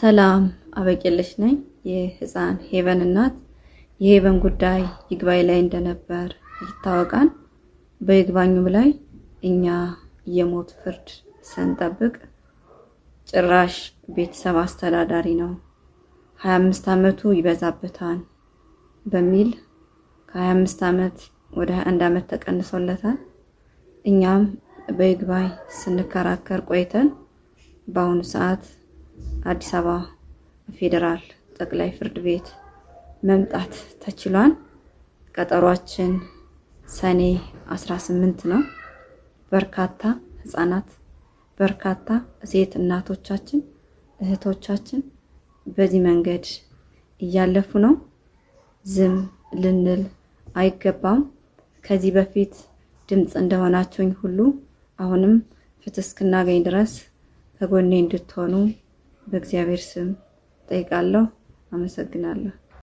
ሰላም አበቄለሽ ነኝ የህፃን ሄቨን እናት። የሄቨን ጉዳይ ይግባይ ላይ እንደነበር ይታወቃል። በይግባኙ ላይ እኛ የሞት ፍርድ ስንጠብቅ ጭራሽ ቤተሰብ አስተዳዳሪ ነው፣ 25 አመቱ ይበዛበታል በሚል ከ25 አመት ወደ 21 ዓመት ተቀንሶለታል። እኛም በይግባኝ ስንከራከር ቆይተን በአሁኑ ሰዓት አዲስ አበባ ፌዴራል ጠቅላይ ፍርድ ቤት መምጣት ተችሏል። ቀጠሯችን ሰኔ 18 ነው። በርካታ ህጻናት፣ በርካታ ሴት እናቶቻችን፣ እህቶቻችን በዚህ መንገድ እያለፉ ነው። ዝም ልንል አይገባም። ከዚህ በፊት ድምፅ እንደሆናችሁኝ ሁሉ አሁንም ፍትህ እስክናገኝ ድረስ ከጎኔ እንድትሆኑ በእግዚአብሔር ስም ጠይቃለሁ። አመሰግናለሁ።